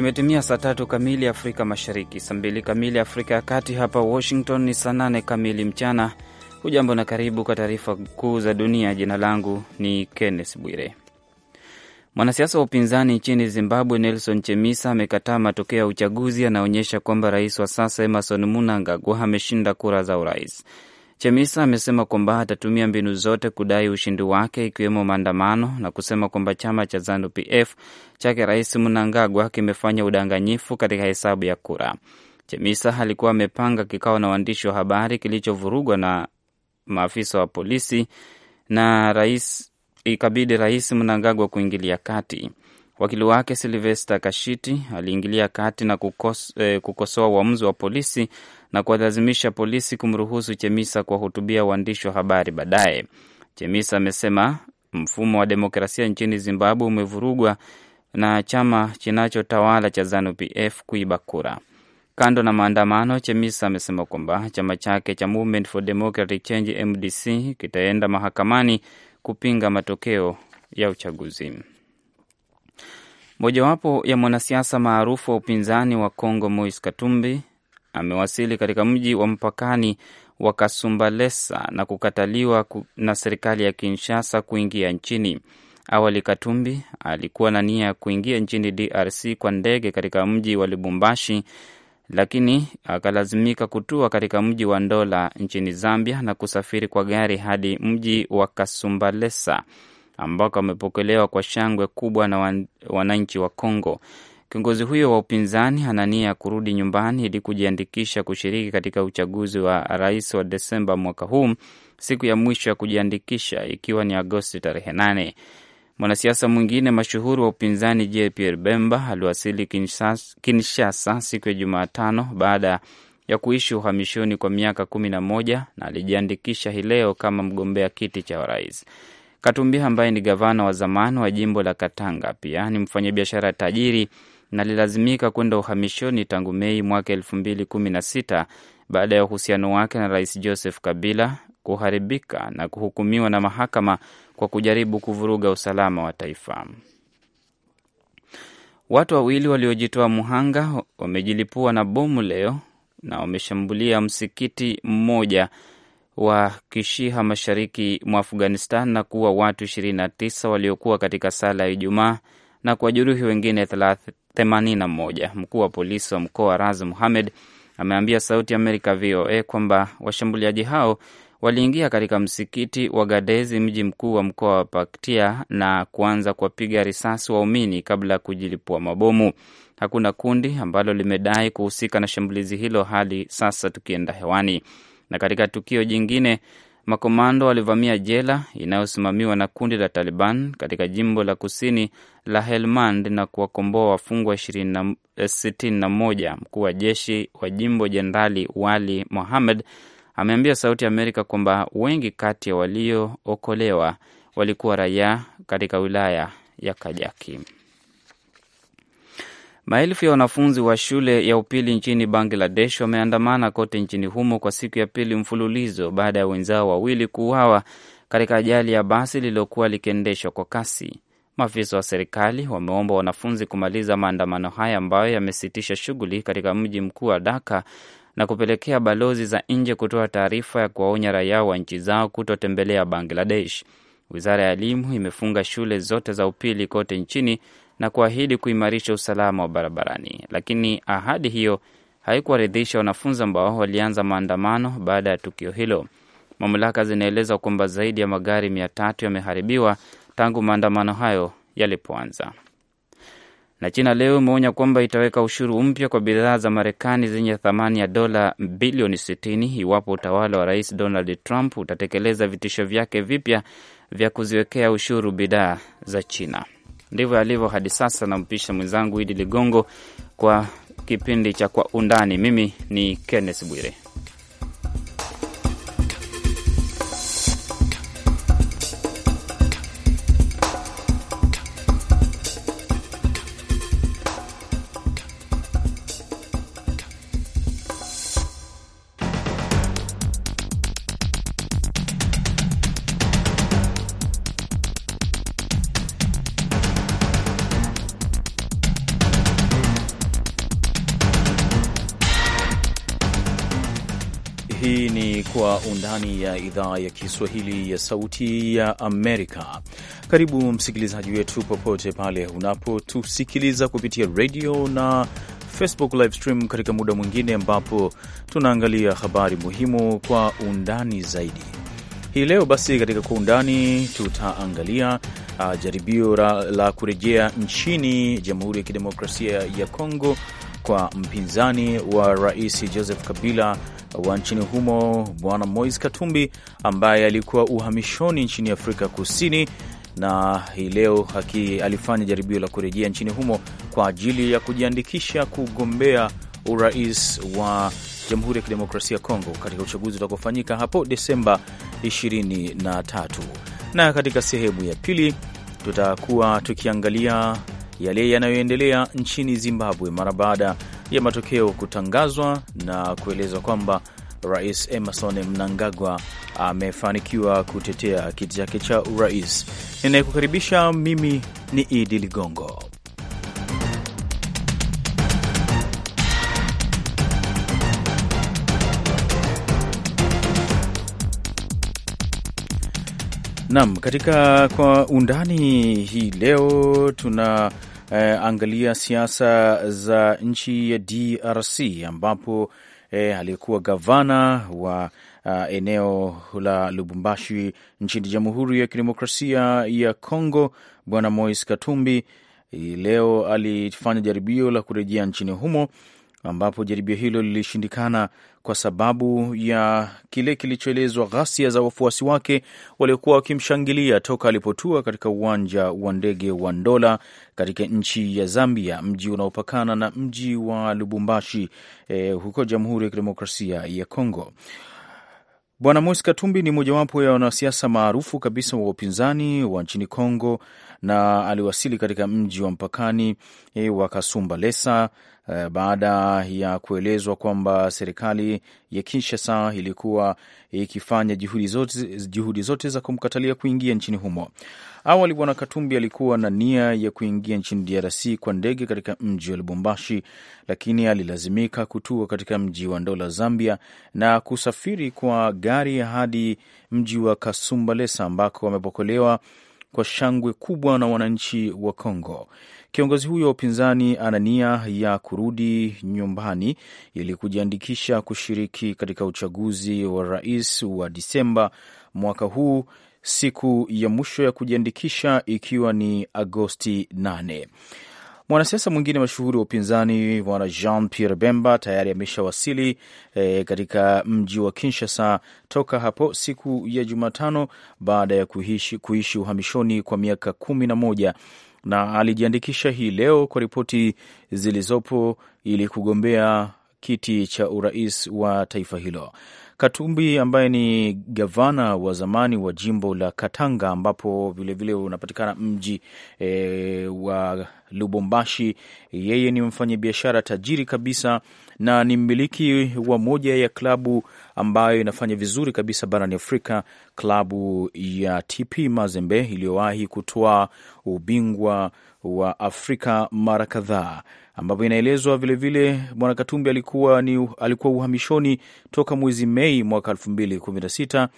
Imetimia saa tatu kamili Afrika Mashariki, saa mbili kamili Afrika ya Kati. Hapa Washington ni saa nane kamili mchana. Hujambo na karibu kwa taarifa kuu za dunia. Jina langu ni Kenneth Bwire. Mwanasiasa wa upinzani nchini Zimbabwe Nelson chemisa amekataa matokeo ya uchaguzi yanaonyesha kwamba rais wa sasa Emerson Munangagwa ameshinda kura za urais. Chamisa amesema kwamba atatumia mbinu zote kudai ushindi wake ikiwemo maandamano na kusema kwamba chama cha ZANU-PF chake Rais Mnangagwa kimefanya udanganyifu katika hesabu ya kura. Chamisa alikuwa amepanga kikao na waandishi wa habari kilichovurugwa na maafisa wa polisi na rais, ikabidi Rais Mnangagwa kuingilia kati. Wakili wake Silvester Kashiti aliingilia kati na kukos, eh, kukosoa uamuzi wa polisi na kuwalazimisha polisi kumruhusu Chemisa kuwahutubia waandishi wa habari baadaye. Chemisa amesema mfumo wa demokrasia nchini Zimbabwe umevurugwa na chama kinachotawala cha ZANU-PF kuiba kura. Kando na maandamano, Chemisa amesema kwamba chama chake cha Movement for Democratic Change MDC kitaenda mahakamani kupinga matokeo ya uchaguzi. Mojawapo ya mwanasiasa maarufu wa upinzani wa Kongo, mois Katumbi, amewasili katika mji wa mpakani wa Kasumbalesa na kukataliwa na serikali ya Kinshasa kuingia nchini. Awali Katumbi alikuwa na nia ya kuingia nchini DRC kwa ndege katika mji wa Lubumbashi, lakini akalazimika kutua katika mji wa Ndola nchini Zambia na kusafiri kwa gari hadi mji wa Kasumbalesa ambako amepokelewa kwa shangwe kubwa na wananchi wa congo Kiongozi huyo wa upinzani ana nia ya kurudi nyumbani ili kujiandikisha kushiriki katika uchaguzi wa rais wa Desemba mwaka huu, siku ya mwisho ya kujiandikisha ikiwa ni Agosti tarehe nane. Mwanasiasa mwingine mashuhuri wa upinzani J Pierre Bemba aliwasili Kinshasa siku ya Jumatano baada ya kuishi uhamishoni kwa miaka kumi na moja na alijiandikisha hii leo kama mgombea kiti cha rais. Katumbi ambaye ni gavana wa zamani wa jimbo la Katanga pia ni mfanyabiashara tajiri na alilazimika kwenda uhamishoni tangu Mei mwaka elfu mbili kumi na sita baada ya uhusiano wake na Rais Joseph Kabila kuharibika na kuhukumiwa na mahakama kwa kujaribu kuvuruga usalama wa taifa. Watu wawili waliojitoa mhanga wamejilipua na bomu leo na wameshambulia msikiti mmoja wa Kishiha mashariki mwa Afghanistan na kuwa watu 29 waliokuwa katika sala ya Ijumaa na juruhi wengine 81. Mkuu wa polisi wa mkoa Raz Muhamed ameambia Sauti Amerika VOA kwamba washambuliaji hao waliingia katika msikiti wa Gadezi, mji mkuu wa mkoa wa Paktia, na kuanza kuwapiga risasi waumini kabla ya kujilipua mabomu. Hakuna kundi ambalo limedai kuhusika na shambulizi hilo hadi sasa, tukienda hewani. Na katika tukio jingine, makomando walivamia jela inayosimamiwa na kundi la Taliban katika jimbo la kusini la Helmand na kuwakomboa wafungwa 61 eh, Mkuu wa jeshi wa jimbo Jenerali Wali Mohammed ameambia Sauti ya Amerika kwamba wengi kati ya waliookolewa walikuwa raia katika wilaya ya Kajaki. Maelfu ya wanafunzi wa shule ya upili nchini Bangladesh wameandamana kote nchini humo kwa siku ya pili mfululizo baada ya wenzao wawili kuuawa katika ajali ya basi lililokuwa likiendeshwa kwa kasi. Maafisa wa serikali wameomba wanafunzi kumaliza maandamano haya ambayo yamesitisha shughuli katika mji mkuu wa Dhaka na kupelekea balozi za nje kutoa taarifa ya kuwaonya raia wa nchi zao kutotembelea Bangladesh. Wizara ya elimu imefunga shule zote za upili kote nchini na kuahidi kuimarisha usalama wa barabarani, lakini ahadi hiyo haikuwaridhisha wanafunzi ambao walianza maandamano baada ya tukio hilo. Mamlaka zinaeleza kwamba zaidi ya magari mia tatu yameharibiwa tangu maandamano hayo yalipoanza. Na China leo imeonya kwamba itaweka ushuru mpya kwa bidhaa za Marekani zenye thamani ya dola bilioni 60 iwapo utawala wa Rais Donald Trump utatekeleza vitisho vyake vipya vya kuziwekea ushuru bidhaa za China. Ndivyo alivyo hadi sasa. Nampisha mwenzangu Idi Ligongo kwa kipindi cha Kwa Undani. Mimi ni Kenneth Bwire. ndani ya idhaa ya Kiswahili ya Sauti ya Amerika. Karibu msikilizaji wetu popote pale unapotusikiliza kupitia redio na Facebook live stream katika muda mwingine ambapo tunaangalia habari muhimu kwa undani zaidi. Hii leo basi, katika kwa undani tutaangalia uh, jaribio la, la kurejea nchini Jamhuri ya Kidemokrasia ya Kongo kwa mpinzani wa rais Joseph Kabila wa nchini humo Bwana Moise Katumbi ambaye alikuwa uhamishoni nchini Afrika Kusini na hii leo haki alifanya jaribio la kurejea nchini humo kwa ajili ya kujiandikisha kugombea urais wa Jamhuri ya Kidemokrasia ya Kongo katika uchaguzi utakaofanyika hapo Desemba 23. Na katika sehemu ya pili tutakuwa tukiangalia yale yanayoendelea nchini Zimbabwe mara baada ya matokeo kutangazwa na kuelezwa kwamba Rais Emerson Mnangagwa amefanikiwa kutetea kiti chake cha urais. Ninayekukaribisha mimi ni Idi Ligongo. Naam, katika kwa undani hii leo tuna eh, angalia siasa za nchi ya DRC ambapo eh, aliyekuwa gavana wa Uh, eneo la Lubumbashi nchini Jamhuri ya Kidemokrasia ya Kongo Bwana Moise Katumbi eh, leo alifanya jaribio la kurejea nchini humo ambapo jaribio hilo lilishindikana kwa sababu ya kile kilichoelezwa ghasia za wafuasi wake waliokuwa wakimshangilia toka alipotua katika uwanja wa ndege wa Ndola katika nchi ya Zambia, mji unaopakana na mji wa Lubumbashi eh, huko Jamhuri ya Kidemokrasia ya Kongo. Bwana Moise Katumbi ni mojawapo ya wanasiasa maarufu kabisa wa upinzani wa nchini Kongo na aliwasili katika mji wa mpakani e, wa Kasumbalesa e, baada ya kuelezwa kwamba serikali ya Kinshasa ilikuwa ikifanya juhudi zote, juhudi zote za kumkatalia kuingia nchini humo. Awali Bwana Katumbi alikuwa na nia ya kuingia nchini DRC kwa ndege katika mji wa Lubumbashi, lakini alilazimika kutua katika mji wa Ndola, Zambia, na kusafiri kwa gari hadi mji wa Kasumbalesa ambako amepokelewa kwa shangwe kubwa na wananchi wa congo Kiongozi huyo wa upinzani ana nia ya kurudi nyumbani ili kujiandikisha kushiriki katika uchaguzi wa rais wa Disemba mwaka huu, siku ya mwisho ya kujiandikisha ikiwa ni Agosti 8. Mwanasiasa mwingine mashuhuri wa upinzani Bwana Jean Pierre Bemba tayari ameshawasili e, katika mji wa Kinshasa toka hapo siku ya Jumatano baada ya kuishi, kuishi uhamishoni kwa miaka kumi na moja na alijiandikisha hii leo kwa ripoti zilizopo ili kugombea kiti cha urais wa taifa hilo. Katumbi ambaye ni gavana wa zamani wa jimbo la Katanga ambapo vilevile unapatikana mji e, wa Lubumbashi. Yeye ni mfanyabiashara tajiri kabisa na ni mmiliki wa moja ya klabu ambayo inafanya vizuri kabisa barani Afrika, klabu ya TP Mazembe iliyowahi kutoa ubingwa wa Afrika mara kadhaa ambapo inaelezwa vilevile Bwana Katumbi alikuwa, ni, alikuwa uhamishoni toka mwezi Mei mwaka 2016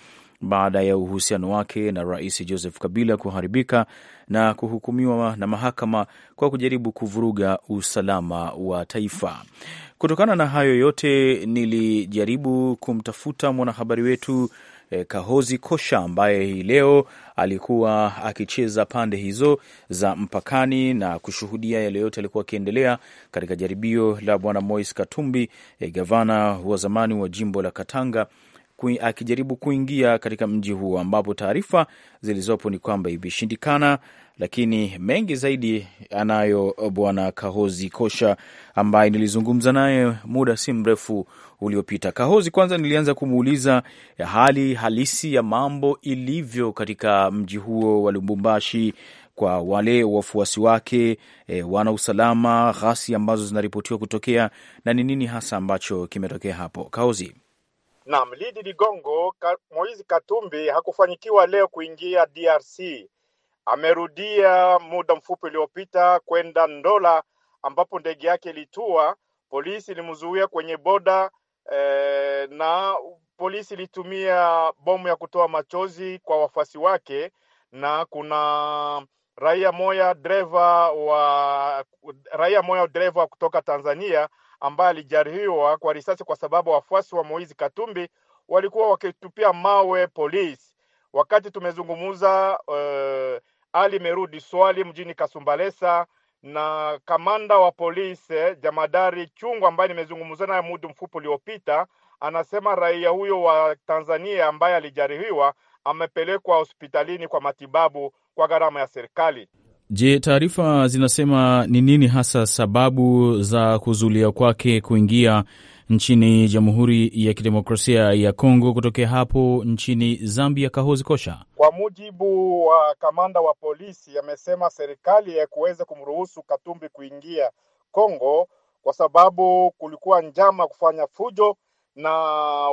baada ya uhusiano wake na Rais Joseph Kabila kuharibika na kuhukumiwa na mahakama kwa kujaribu kuvuruga usalama wa taifa. Kutokana na hayo yote, nilijaribu kumtafuta mwanahabari wetu E, Kahozi Kosha ambaye hii leo alikuwa akicheza pande hizo za mpakani na kushuhudia yale yote alikuwa akiendelea katika jaribio la bwana mois Katumbi e, gavana wa zamani wa jimbo la Katanga akijaribu kuingia katika mji huo, ambapo taarifa zilizopo ni kwamba imeshindikana. Lakini mengi zaidi anayo Bwana Kahozi Kosha ambaye nilizungumza naye muda si mrefu uliopita. Kahozi, kwanza nilianza kumuuliza hali halisi ya mambo ilivyo katika mji huo wa Lubumbashi kwa wale wafuasi wake, e, wana usalama, ghasi ambazo zinaripotiwa kutokea na ni nini hasa ambacho kimetokea hapo, Kahozi? na mlidi Ligongo, ka, Moizi Katumbi hakufanikiwa leo kuingia DRC. Amerudia muda mfupi uliopita kwenda Ndola ambapo ndege yake ilitua. Polisi ilimzuia kwenye boda eh, na polisi ilitumia bomu ya kutoa machozi kwa wafuasi wake, na kuna raia moya dereva wa raia moya dereva kutoka Tanzania ambaye alijeruhiwa kwa risasi kwa sababu wafuasi wa Moizi Katumbi walikuwa wakitupia mawe polisi. Wakati tumezungumza uh, Ali merudi swali mjini Kasumbalesa na kamanda wa polisi Jamadari Chungwa ambaye nimezungumza naye muda mfupi uliopita, anasema raia huyo wa Tanzania ambaye alijeruhiwa amepelekwa hospitalini kwa matibabu kwa gharama ya serikali. Je, taarifa zinasema ni nini hasa sababu za kuzulia kwake kuingia nchini Jamhuri ya Kidemokrasia ya Kongo kutokea hapo nchini Zambia? Kahozi Kosha, kwa mujibu wa kamanda wa polisi, amesema serikali haikuweza kumruhusu Katumbi kuingia Kongo kwa sababu kulikuwa njama kufanya fujo, na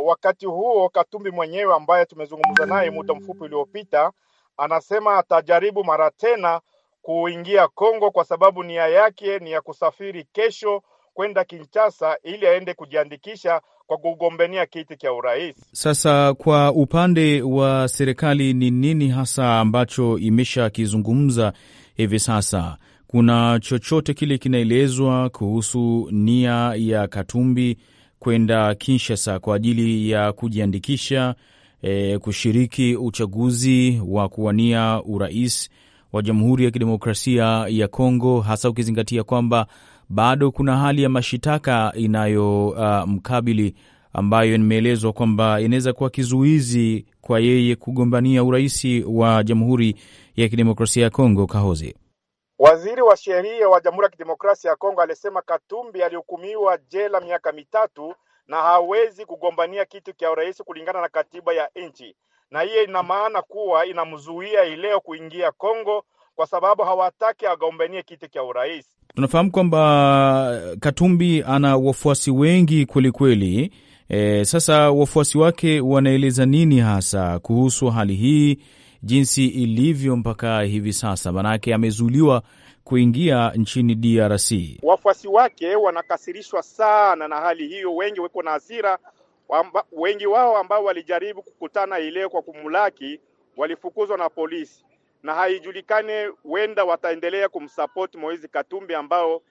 wakati huo Katumbi mwenyewe ambaye tumezungumza naye muda mfupi uliopita anasema atajaribu mara tena kuingia Kongo kwa sababu nia yake ni ya kusafiri kesho kwenda Kinshasa ili aende kujiandikisha kwa kugombania kiti cha urais. Sasa kwa upande wa serikali ni nini hasa ambacho imeshakizungumza hivi sasa? Kuna chochote kile kinaelezwa kuhusu nia ya Katumbi kwenda Kinshasa kwa ajili ya kujiandikisha, e, kushiriki uchaguzi wa kuwania urais wa Jamhuri ya Kidemokrasia ya Kongo, hasa ukizingatia kwamba bado kuna hali ya mashitaka inayomkabili uh, ambayo nimeelezwa kwamba inaweza kuwa kizuizi kwa yeye kugombania urais wa Jamhuri ya Kidemokrasia ya Kongo. Kahozi, waziri wa sheria wa Jamhuri ya Kidemokrasia ya Kongo, alisema Katumbi alihukumiwa jela miaka mitatu na hawezi kugombania kitu cha urais kulingana na katiba ya nchi na hiyo ina maana kuwa inamzuia ileo kuingia Kongo kwa sababu hawataki agombanie kiti cha urais. Tunafahamu kwamba eh, Katumbi ana wafuasi wengi kwelikweli. E, eh, sasa wafuasi wake wanaeleza nini hasa kuhusu hali hii jinsi ilivyo mpaka hivi sasa? Maanake amezuliwa kuingia nchini DRC. Wafuasi wake wanakasirishwa sana na hali hiyo, wengi weko na hasira Wamba, wengi wao ambao walijaribu kukutana ile kwa kumulaki walifukuzwa na polisi na haijulikane wenda wataendelea kumsapoti Moizi Katumbi ambao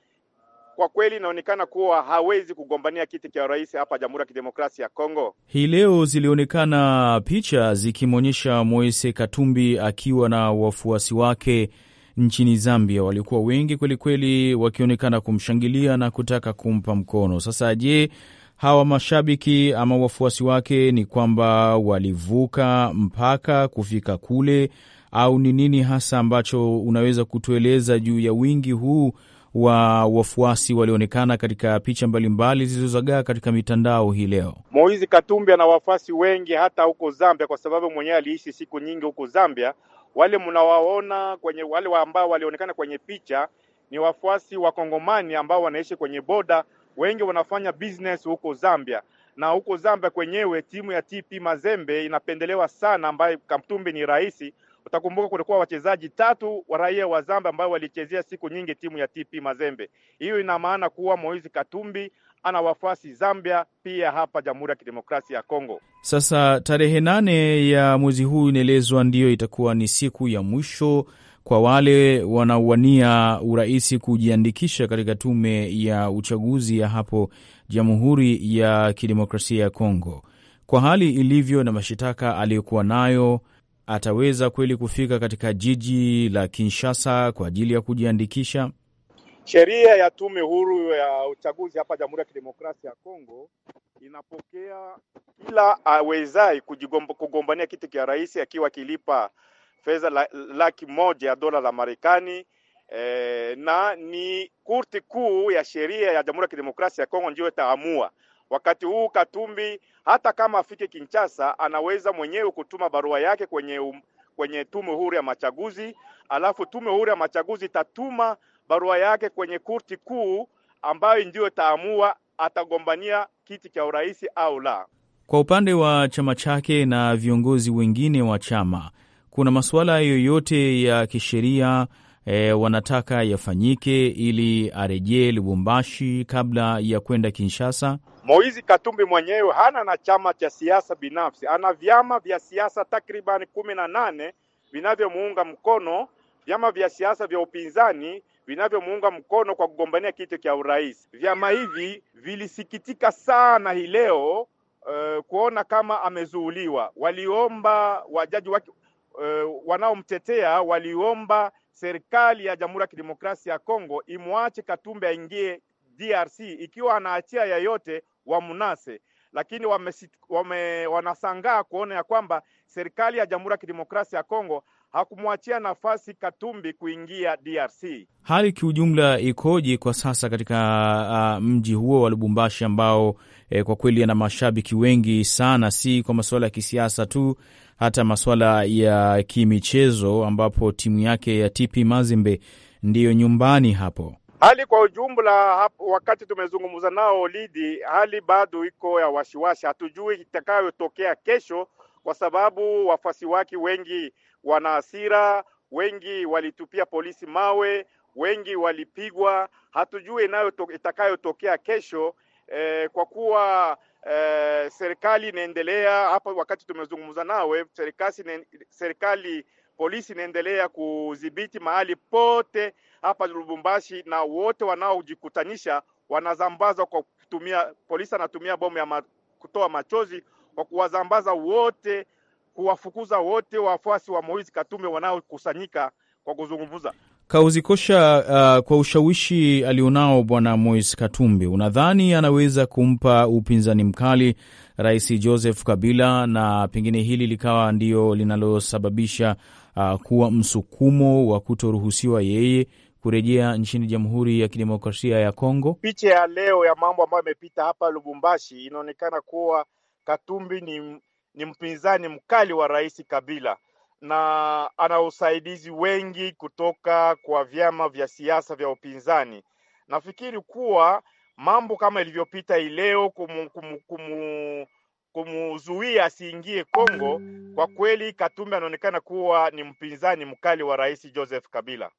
kwa kweli inaonekana kuwa hawezi kugombania kiti cha rais hapa Jamhuri ya Kidemokrasia ya Kongo. Hii leo zilionekana picha zikimwonyesha Moise Katumbi akiwa na wafuasi wake nchini Zambia, walikuwa wengi kwelikweli, wakionekana kumshangilia na kutaka kumpa mkono. Sasa je, hawa mashabiki ama wafuasi wake, ni kwamba walivuka mpaka kufika kule, au ni nini hasa ambacho unaweza kutueleza juu ya wingi huu wa wafuasi walioonekana katika picha mbalimbali zilizozagaa katika mitandao hii leo. Moizi Katumbi ana wafuasi wengi hata huko Zambia, kwa sababu mwenyewe aliishi siku nyingi huko Zambia. Wale mnawaona kwenye wale ambao walionekana kwenye picha ni wafuasi wa Kongomani ambao wanaishi kwenye boda wengi wanafanya business huko Zambia na huko Zambia kwenyewe timu ya TP Mazembe inapendelewa sana, ambayo Kamtumbi ni rais. Utakumbuka kulikuwa wachezaji tatu wa raia wa Zambia ambao walichezea siku nyingi timu ya TP Mazembe. Hiyo ina maana kuwa Moizi Katumbi ana wafasi Zambia pia hapa Jamhuri ya Kidemokrasia ya Kongo. Sasa tarehe nane ya mwezi huu inaelezwa ndiyo itakuwa ni siku ya mwisho kwa wale wanaowania urahisi kujiandikisha katika tume ya uchaguzi ya hapo Jamhuri ya Kidemokrasia ya Kongo. Kwa hali ilivyo na mashitaka aliyokuwa nayo, ataweza kweli kufika katika jiji la Kinshasa kwa ajili ya kujiandikisha? Sheria ya tume huru ya uchaguzi hapa Jamhuri ya Kidemokrasia ya Kongo inapokea kila awezai kugombania kiti cha rais akiwa akilipa fedha laki moja ya dola la Marekani. E, na ni kurti kuu ya sheria ya Jamhuri ya Kidemokrasia ya Kongo ndiyo itaamua. Wakati huu Katumbi hata kama afike Kinshasa, anaweza mwenyewe kutuma barua yake kwenye, um, kwenye tume huru ya machaguzi, alafu tume huru ya machaguzi itatuma barua yake kwenye kurti kuu ambayo ndiyo itaamua atagombania kiti cha urais au la. Kwa upande wa chama chake na viongozi wengine wa chama kuna masuala yoyote ya kisheria e, wanataka yafanyike ili arejee Lubumbashi kabla ya kwenda Kinshasa? Moizi Katumbi mwenyewe hana na chama cha siasa binafsi, ana vyama vya siasa takribani kumi na nane vinavyomuunga mkono, vyama vya siasa vya upinzani vinavyomuunga mkono kwa kugombania kiti cha urais. Vyama hivi vilisikitika sana hii leo uh, kuona kama amezuuliwa. Waliomba wajaji wake uh, wanaomtetea waliomba serikali ya Jamhuri ya Kidemokrasia ya Kongo imwache Katumbi aingie DRC ikiwa anaachia yeyote wamunase lakini wame, wame, wanasangaa kuona ya kwamba serikali ya Jamhuri ya Kidemokrasia ya Kongo hakumwachia nafasi Katumbi kuingia DRC. Hali kiujumla ikoje kwa sasa katika uh, mji huo wa Lubumbashi ambao e, kwa kweli ana mashabiki wengi sana, si kwa masuala ya kisiasa tu, hata masuala ya kimichezo, ambapo timu yake ya TP Mazembe ndiyo nyumbani hapo. Hali kwa ujumla hapo, wakati tumezungumza nao lidi, hali bado iko ya wasiwasi, hatujui itakayotokea kesho, kwa sababu wafuasi wake wengi wana hasira, wengi walitupia polisi mawe, wengi walipigwa. Hatujui itakayotokea kesho eh, kwa kuwa eh, serikali inaendelea hapa, wakati tumezungumza nawe, serikali, serikali polisi inaendelea kudhibiti mahali pote hapa Lubumbashi, na wote wanaojikutanisha wanazambaza kwa kutumia, polisi anatumia bomu ya ma, kutoa machozi kwa kuwazambaza wote, kuwafukuza wote wafuasi wa Moise Katumbi wanaokusanyika kwa kuzungumza. Kauzikosha, uh, kwa ushawishi alionao Bwana Moise Katumbi, unadhani anaweza kumpa upinzani mkali Rais Joseph Kabila, na pengine hili likawa ndio linalosababisha uh, kuwa msukumo wa kutoruhusiwa yeye kurejea nchini Jamhuri ya Kidemokrasia ya Kongo. Picha ya leo ya mambo ambayo yamepita hapa Lubumbashi inaonekana kuwa Katumbi ni, ni mpinzani mkali wa Rais Kabila na ana usaidizi wengi kutoka kwa vyama vya siasa vya upinzani. Nafikiri kuwa mambo kama ilivyopita ileo leo kumu, kumu, kumuzuia asiingie Kongo, kwa kweli Katumbi anaonekana kuwa ni mpinzani mkali wa Rais Joseph Kabila.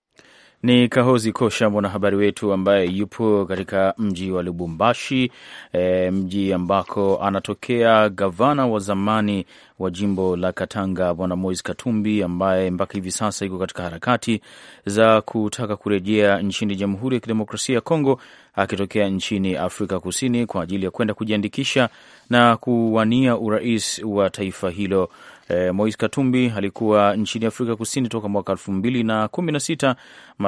Ni Kahozi Kosha, mwanahabari wetu ambaye yupo katika mji wa Lubumbashi, e, mji ambako anatokea gavana wa zamani wa jimbo la Katanga Bwana Mois Katumbi, ambaye mpaka hivi sasa iko katika harakati za kutaka kurejea nchini Jamhuri ya Kidemokrasia ya Kongo akitokea nchini Afrika Kusini kwa ajili ya kwenda kujiandikisha na kuwania urais wa taifa hilo. E, Mois Katumbi alikuwa nchini Afrika Kusini toka mwaka elfu mbili na kumi na sita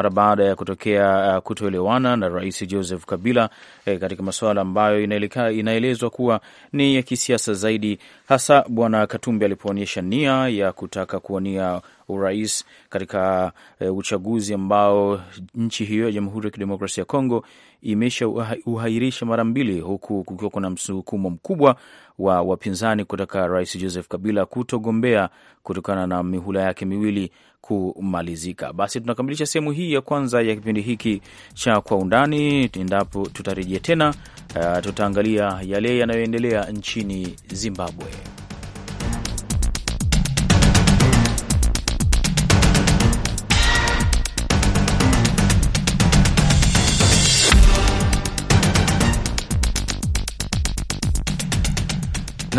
mara baada ya kutokea uh, kutoelewana na Rais Joseph Kabila eh, katika masuala ambayo inaelezwa kuwa ni ya kisiasa zaidi, hasa Bwana Katumbi alipoonyesha nia ya kutaka kuwania urais katika e, uchaguzi ambao nchi hiyo ya Jamhuri ya Kidemokrasia ya Kongo imesha uhairisha mara mbili, huku kukiwa kuna msukumo mkubwa wa wapinzani kutaka Rais Joseph Kabila kutogombea kutokana na mihula yake miwili kumalizika. Basi tunakamilisha sehemu hii ya kwanza ya kipindi hiki cha Kwa Undani. Endapo tutarejea tena, uh, tutaangalia yale yanayoendelea nchini Zimbabwe.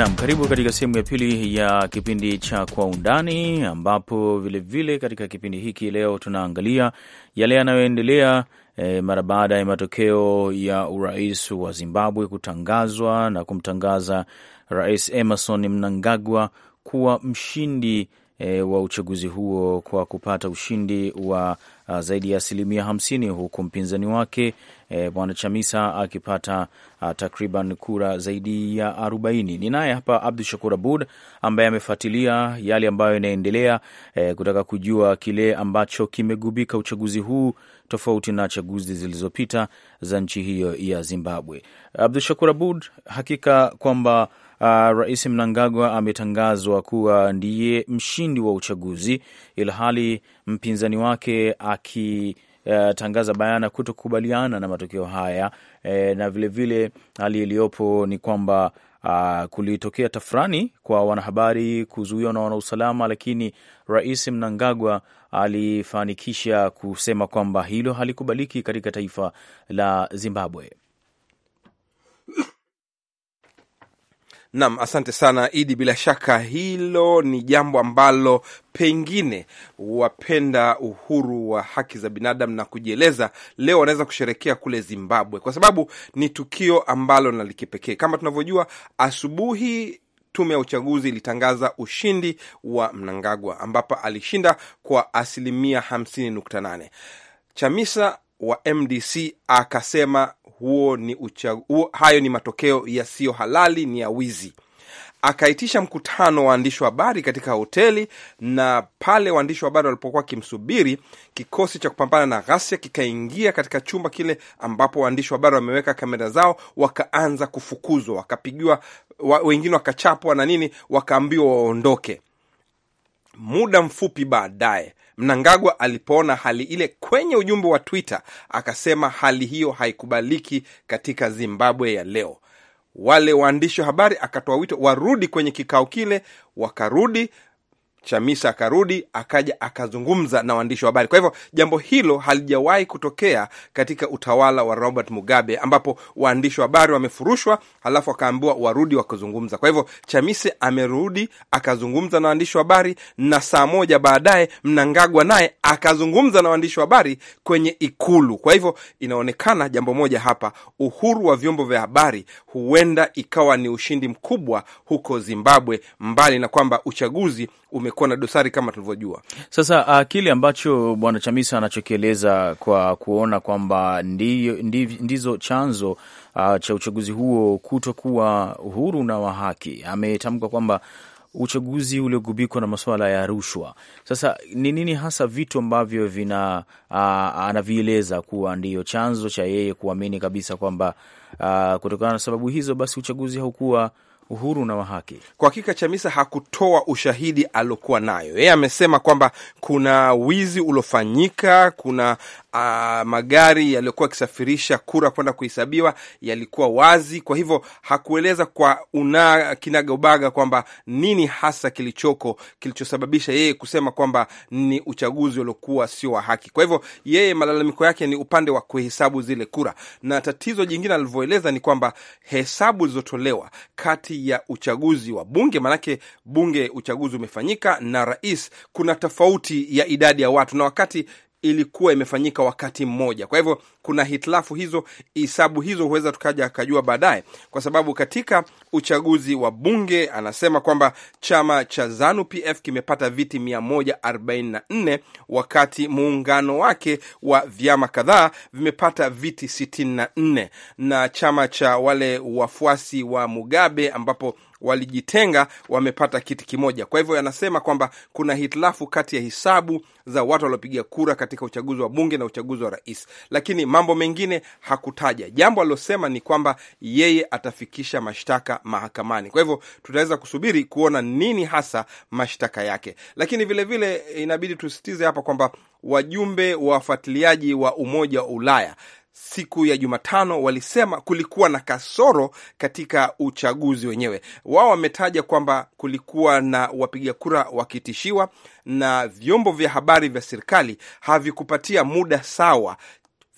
Naam, karibu katika sehemu ya pili ya kipindi cha Kwa Undani, ambapo vilevile vile katika kipindi hiki leo tunaangalia yale yanayoendelea e, mara baada ya matokeo ya urais wa Zimbabwe kutangazwa na kumtangaza Rais Emerson Mnangagwa kuwa mshindi e, wa uchaguzi huo kwa kupata ushindi wa a, ah, zaidi ya asilimia hamsini huku mpinzani wake e, bwana Chamisa akipata takriban kura zaidi ya arobaini. Ni naye hapa Abdu Shakur Abud ambaye amefuatilia yale ambayo yanaendelea e, kutaka kujua kile ambacho kimegubika uchaguzi huu tofauti na chaguzi zilizopita za nchi hiyo ya Zimbabwe. Abdu Shakur Abud, hakika kwamba uh, Rais Mnangagwa ametangazwa kuwa ndiye mshindi wa uchaguzi, ilhali mpinzani wake aki tangaza bayana kutokubaliana na matokeo haya e, na vilevile hali iliyopo ni kwamba Uh, kulitokea tafrani kwa wanahabari kuzuiwa na wanausalama, lakini Rais Mnangagwa alifanikisha kusema kwamba hilo halikubaliki katika taifa la Zimbabwe. Nam, asante sana Idi. Bila shaka hilo ni jambo ambalo pengine wapenda uhuru wa haki za binadamu na kujieleza leo wanaweza kusherekea kule Zimbabwe, kwa sababu ni tukio ambalo na likipekee. Kama tunavyojua, asubuhi tume ya uchaguzi ilitangaza ushindi wa Mnangagwa ambapo alishinda kwa asilimia 50.8. Chamisa wa MDC akasema huo ni uchagu, huo, hayo ni matokeo yasiyo halali, ni ya wizi. Akaitisha mkutano waandishi wa habari katika hoteli, na pale waandishi wa habari walipokuwa wakimsubiri, kikosi cha kupambana na ghasia kikaingia katika chumba kile ambapo waandishi wa habari wameweka kamera zao, wakaanza kufukuzwa, wakapigiwa wa, wengine wakachapwa na nini, wakaambiwa waondoke. Muda mfupi baadaye Mnangagwa alipoona hali ile kwenye ujumbe wa Twitter akasema hali hiyo haikubaliki katika Zimbabwe ya leo. Wale waandishi wa habari akatoa wito warudi kwenye kikao kile, wakarudi Chamisa akarudi akaja akazungumza na waandishi wa habari. Kwa hivyo jambo hilo halijawahi kutokea katika utawala wa Robert Mugabe, ambapo waandishi wa habari wamefurushwa, halafu wakaambiwa warudi wakazungumza. Kwa hivyo Chamise amerudi akazungumza na waandishi wa habari, na saa moja baadaye Mnangagwa naye akazungumza na waandishi wa habari kwenye Ikulu. Kwa hivyo inaonekana jambo moja hapa, uhuru wa vyombo vya habari huenda ikawa ni ushindi mkubwa huko Zimbabwe, mbali na kwamba uchaguzi ume kumekuwa na dosari kama tulivyojua. Sasa uh, kile ambacho bwana Chamisa anachokieleza kwa kuona kwamba ndizo chanzo uh, cha uchaguzi huo kutokuwa huru na wa haki, ametamka kwamba uchaguzi uliogubikwa na masuala ya rushwa. Sasa ni nini hasa vitu ambavyo vina uh, anavieleza kuwa ndiyo chanzo cha yeye kuamini kabisa kwamba uh, kutokana na sababu hizo basi uchaguzi haukuwa uhuru na wa haki. Kwa hakika, Chamisa hakutoa ushahidi aliokuwa nayo yeye. Amesema kwamba kuna wizi uliofanyika, kuna uh, magari yaliyokuwa yakisafirisha kura kwenda kuhesabiwa yalikuwa wazi. Kwa hivyo hakueleza kwa una kinagaubaga kwamba nini hasa kilichoko kilichosababisha yeye kusema kwamba ni uchaguzi uliokuwa sio wa haki. Kwa hivyo yeye malalamiko yake ni upande wa kuhesabu zile kura, na tatizo jingine alivyoeleza ni kwamba hesabu zilizotolewa kati ya uchaguzi wa bunge, maanake bunge uchaguzi umefanyika na rais, kuna tofauti ya idadi ya watu na wakati ilikuwa imefanyika wakati mmoja. Kwa hivyo kuna hitilafu hizo, hisabu hizo huweza tukaja akajua baadaye, kwa sababu katika uchaguzi wa bunge anasema kwamba chama cha Zanu PF kimepata viti 144 wakati muungano wake wa vyama kadhaa vimepata viti 64 na chama cha wale wafuasi wa Mugabe ambapo walijitenga wamepata kiti kimoja. Kwa hivyo anasema kwamba kuna hitilafu kati ya hisabu za watu waliopiga kura katika uchaguzi wa bunge na uchaguzi wa rais, lakini mambo mengine hakutaja. Jambo alilosema ni kwamba yeye atafikisha mashtaka mahakamani. Kwa hivyo tutaweza kusubiri kuona nini hasa mashtaka yake, lakini vilevile vile inabidi tusisitize hapa kwamba wajumbe wa wafuatiliaji wa Umoja wa Ulaya siku ya Jumatano walisema kulikuwa na kasoro katika uchaguzi wenyewe. Wao wametaja kwamba kulikuwa na wapiga kura wakitishiwa na vyombo vya habari vya serikali havikupatia muda sawa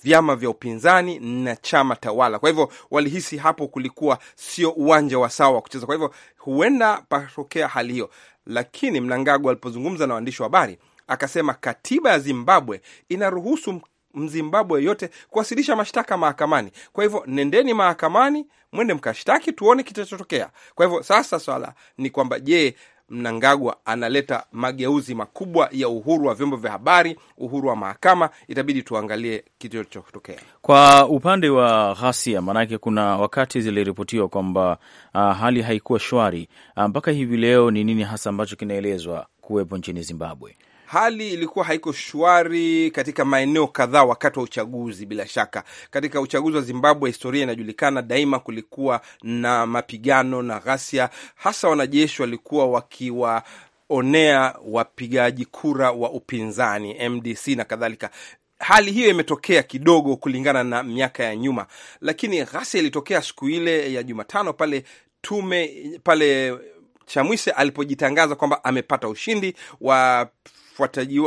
vyama vya upinzani na chama tawala. Kwa hivyo walihisi hapo kulikuwa sio uwanja wa sawa wa kucheza, kwa hivyo huenda patokea hali hiyo. Lakini Mnangagwa alipozungumza na waandishi wa habari akasema katiba ya Zimbabwe inaruhusu Mzimbabwe yoyote kuwasilisha mashtaka mahakamani. Kwa hivyo nendeni mahakamani, mwende mkashtaki, tuone kitachotokea. Kwa hivyo sasa swala ni kwamba je, Mnangagwa analeta mageuzi makubwa ya uhuru wa vyombo vya habari, uhuru wa mahakama. Itabidi tuangalie kilichotokea kwa upande wa ghasia, maanake kuna wakati ziliripotiwa kwamba uh, hali haikuwa shwari ah, mpaka uh, hivi leo. Ni nini hasa ambacho kinaelezwa kuwepo nchini Zimbabwe? hali ilikuwa haiko shwari katika maeneo kadhaa wakati wa uchaguzi. Bila shaka, katika uchaguzi wa Zimbabwe, historia inajulikana, daima kulikuwa na mapigano na ghasia, hasa wanajeshi walikuwa wakiwa onea wapigaji kura wa upinzani MDC na kadhalika. Hali hiyo imetokea kidogo kulingana na miaka ya nyuma, lakini ghasia ilitokea siku ile ya Jumatano pale tume pale Chamwise alipojitangaza kwamba amepata ushindi wa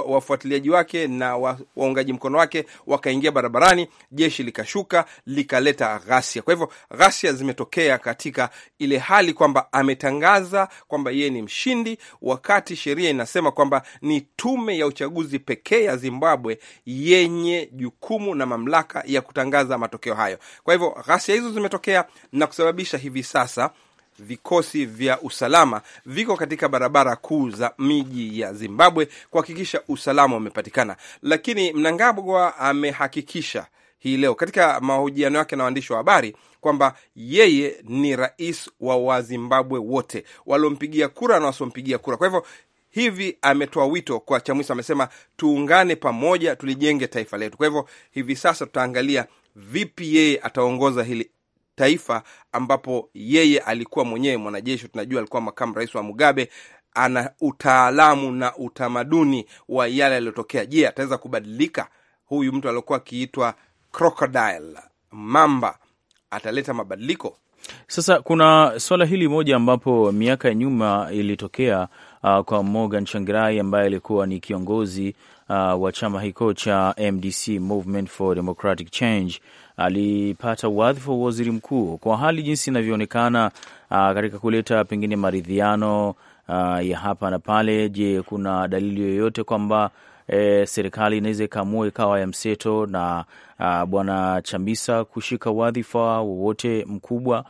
wafuatiliaji wake na waungaji mkono wake wakaingia barabarani, jeshi likashuka likaleta ghasia. Kwa hivyo ghasia zimetokea katika ile hali kwamba ametangaza kwamba yeye ni mshindi, wakati sheria inasema kwamba ni tume ya uchaguzi pekee ya Zimbabwe yenye jukumu na mamlaka ya kutangaza matokeo hayo. Kwa hivyo ghasia hizo zimetokea na kusababisha hivi sasa vikosi vya usalama viko katika barabara kuu za miji ya Zimbabwe kuhakikisha usalama umepatikana, lakini Mnangagwa amehakikisha hii leo katika mahojiano yake na waandishi wa habari kwamba yeye ni rais wa Wazimbabwe wote waliompigia kura na wasiompigia kura. Kwa hivyo hivi ametoa wito kwa Chamwisa, amesema tuungane pamoja, tulijenge taifa letu. Kwa hivyo hivi sasa tutaangalia vipi yeye ataongoza hili taifa ambapo yeye alikuwa mwenyewe mwanajeshi. Tunajua alikuwa makamu rais wa Mugabe, ana utaalamu na utamaduni wa yale yaliyotokea. Je, ataweza kubadilika huyu mtu aliokuwa akiitwa crocodile mamba? Ataleta mabadiliko? Sasa kuna swala hili moja ambapo miaka ya nyuma ilitokea uh, kwa Morgan Changirai ambaye alikuwa ni kiongozi uh, wa chama hiko cha MDC, Movement for Democratic Change, alipata wadhifa wa waziri mkuu kwa hali jinsi inavyoonekana, uh, katika kuleta pengine maridhiano uh, ya hapa na pale. Je, kuna dalili yoyote kwamba E, serikali inaweza ikaamua ikawa ya mseto na a, uh, Bwana Chamisa kushika wadhifa wowote mkubwa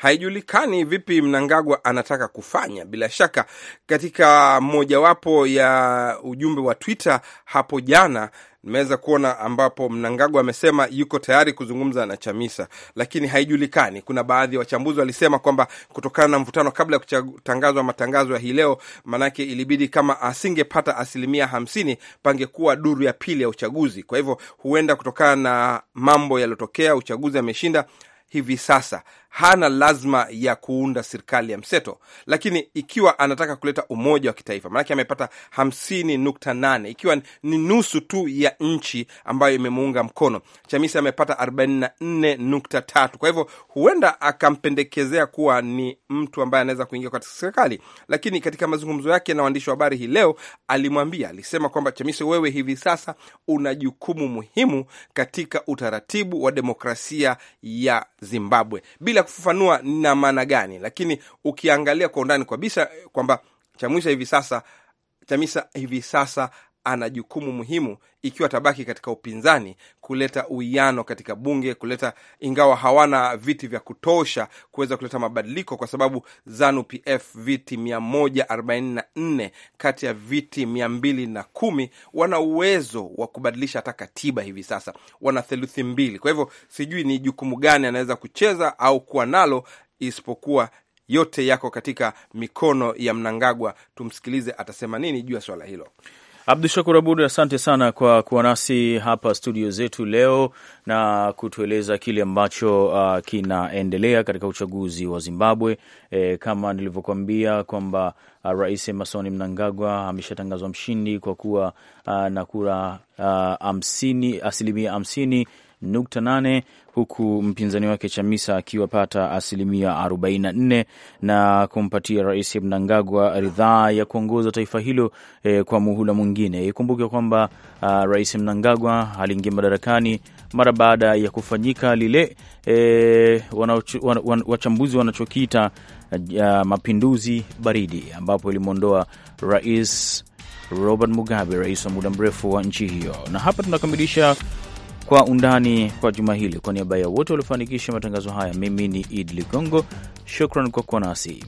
Haijulikani vipi Mnangagwa anataka kufanya. Bila shaka, katika mojawapo ya ujumbe wa Twitter hapo jana nimeweza kuona ambapo Mnangagwa amesema yuko tayari kuzungumza na Chamisa, lakini haijulikani. Kuna baadhi ya wachambuzi walisema kwamba kutokana na mvutano kabla ya kutangazwa matangazo ya hii leo, manake ilibidi kama asingepata asilimia hamsini, pangekuwa duru ya pili ya uchaguzi. Kwa hivyo huenda kutokana na mambo yaliyotokea, uchaguzi ameshinda hivi sasa hana lazima ya kuunda serikali ya mseto, lakini ikiwa anataka kuleta umoja wa kitaifa, maanake amepata hamsini nukta nane ikiwa ni nusu tu ya nchi ambayo imemuunga mkono. Chamisa amepata arobaini na nne nukta tatu kwa hivyo huenda akampendekezea kuwa ni mtu ambaye anaweza kuingia katika serikali, lakini katika mazungumzo yake na waandishi wa habari hii leo alimwambia, alisema kwamba Chamisa, wewe hivi sasa una jukumu muhimu katika utaratibu wa demokrasia ya Zimbabwe bila bila kufafanua na maana gani, lakini ukiangalia kwa undani kabisa eh, kwamba Chamisa hivi sasa Chamisa hivi sasa ana jukumu muhimu ikiwa tabaki katika upinzani kuleta uwiano katika bunge, kuleta ingawa hawana viti vya kutosha kuweza kuleta mabadiliko, kwa sababu Zanu PF viti 144 kati ya viti 210, wana uwezo wa kubadilisha hata katiba. Hivi sasa wana theluthi mbili. Kwa hivyo sijui ni jukumu gani anaweza kucheza au kuwa nalo, isipokuwa yote yako katika mikono ya Mnangagwa. Tumsikilize atasema nini juu ya swala hilo. Abdu Shakur Abud, asante sana kwa kuwa nasi hapa studio zetu leo na kutueleza kile ambacho uh, kinaendelea katika uchaguzi wa Zimbabwe. E, kama nilivyokuambia kwamba uh, Rais Emerson Mnangagwa ameshatangazwa mshindi kwa kuwa uh, na kura uh, asilimia hamsini nukta nane huku mpinzani wake Chamisa akiwapata asilimia 44 na kumpatia Rais Mnangagwa ridhaa ya kuongoza taifa hilo eh, kwa muhula mwingine. Ikumbuke kwamba uh, Rais Mnangagwa aliingia madarakani mara baada ya kufanyika lile eh, wanaochu, wan, wan, wachambuzi wanachokiita uh, mapinduzi baridi ambapo ilimwondoa Rais Robert Mugabe, rais wa muda mrefu wa nchi hiyo. Na hapa tunakamilisha kwa undani kwa juma hili. Kwa niaba ya wote waliofanikisha matangazo haya, mimi ni Idi Ligongo, shukran kwa kuwa nasi.